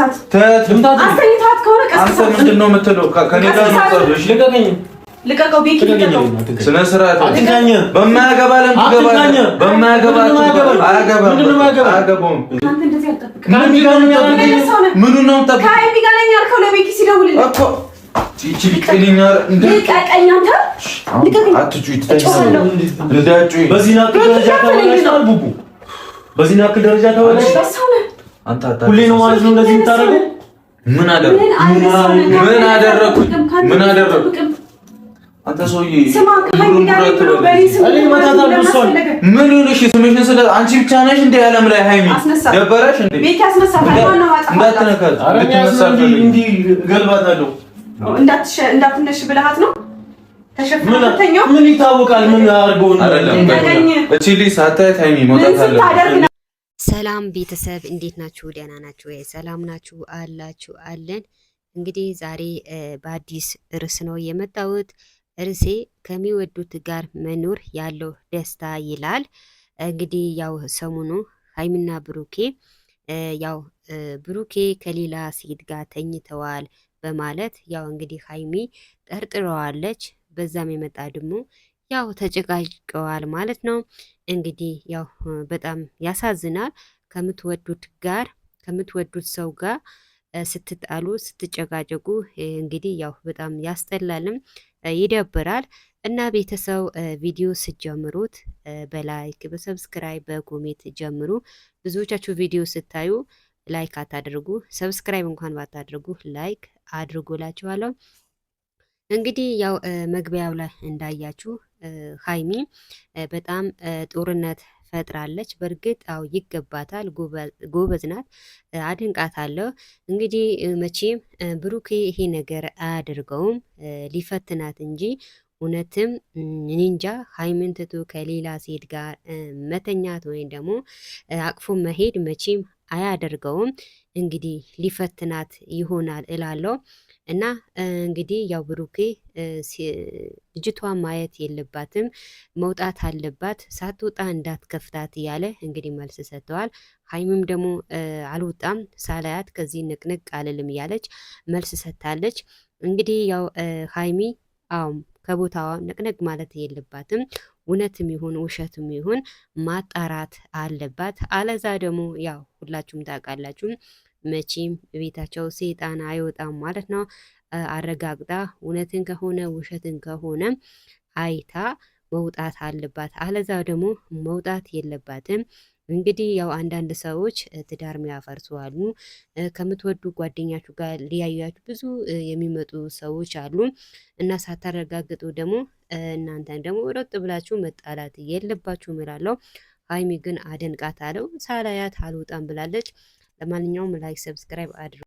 ቀስቅሳት ልቀቀኝ፣ በዚህ ያክል ደረጃ ሁሌ ነው ማለት ነው እንደዚህ የምታደርገው? ምን አደረኩ? ምን አደረኩ? ምን አደረኩ? አንተ ሰውዬ ምን ይኸውልሽ፣ ስምሽን ስለ አንቺ ብቻ ነሽ እንደ ዓለም ላይ ሃይሚ ደበረሽ እንዴ? እንዳትነካት እንዲህ እንዳትነሽ ብልሃት ነው ምን ይታወቃል? ምን አድርገው ነው አይደለም። እቺ ልጅ ሳታያት ሃይሚ መውጣት አለበት ሰላም ቤተሰብ እንዴት ናችሁ? ደህና ናችሁ ወይ? ሰላም ናችሁ አላችሁ አለን። እንግዲህ ዛሬ በአዲስ ርዕስ ነው የመጣሁት። ርዕሴ ከሚወዱት ጋር መኖር ያለው ደስታ ይላል። እንግዲህ ያው ሰሞኑ ሀይሚና ብሩኬ ያው ብሩኬ ከሌላ ሴት ጋር ተኝተዋል በማለት ያው እንግዲህ ሀይሚ ጠርጥረዋለች። በዛም የመጣ ደግሞ ያው ተጨቃጭቀዋል ማለት ነው። እንግዲህ ያው በጣም ያሳዝናል። ከምትወዱት ጋር ከምትወዱት ሰው ጋር ስትጣሉ ስትጨቃጨቁ እንግዲህ ያው በጣም ያስጠላልም ይደብራል። እና ቤተሰብ ቪዲዮ ስትጀምሩት በላይክ በሰብስክራይብ በኮሜንት ጀምሩ። ብዙዎቻችሁ ቪዲዮ ስታዩ ላይክ አታድርጉ፣ ሰብስክራይብ እንኳን ባታድርጉ ላይክ አድርጉላችኋለሁ። እንግዲህ ያው መግቢያው ላይ እንዳያችሁ ሀይሚ በጣም ጦርነት ፈጥራለች። በእርግጥ አው ይገባታል። ጎበዝ ናት፣ አድንቃታለሁ። እንግዲህ መቼም ብሩኬ ይሄ ነገር አያደርገውም ሊፈትናት እንጂ እውነትም ኒንጃ ሀይምንትቱ ከሌላ ሴት ጋር መተኛት ወይም ደግሞ አቅፎ መሄድ መቼም አያደርገውም። እንግዲህ ሊፈትናት ይሆናል እላለው እና እንግዲህ ያው ብሩኬ ልጅቷ ማየት የለባትም መውጣት አለባት፣ ሳትወጣ እንዳትከፍታት እያለ እንግዲህ መልስ ሰጥተዋል። ሀይምም ደግሞ አልወጣም ሳላያት ከዚህ ንቅንቅ አልልም እያለች መልስ ሰጥታለች። እንግዲህ ያው ሀይሚ አዎ ከቦታዋ ንቅንቅ ማለት የለባትም እውነትም ይሁን ውሸትም ይሁን ማጣራት አለባት። አለዛ ደግሞ ያው ሁላችሁም ታውቃላችሁ መቼም ቤታቸው ሴጣን አይወጣም ማለት ነው። አረጋግጣ እውነትን ከሆነ ውሸትን ከሆነ አይታ መውጣት አለባት። አለዛ ደግሞ መውጣት የለባትም። እንግዲህ ያው አንዳንድ ሰዎች ትዳር ሚያፈርሱ አሉ። ከምትወዱ ጓደኛችሁ ጋር ሊያዩያችሁ ብዙ የሚመጡ ሰዎች አሉ እና ሳታረጋግጡ ደግሞ እናንተን ደግሞ ረጥ ብላችሁ መጣላት የለባችሁ ምላለው። ሀይሚ ግን አለው ሳላያት አልወጣም ብላለች። ለማንኛውም ላይክ፣ ሰብስክራይብ አድርጉ።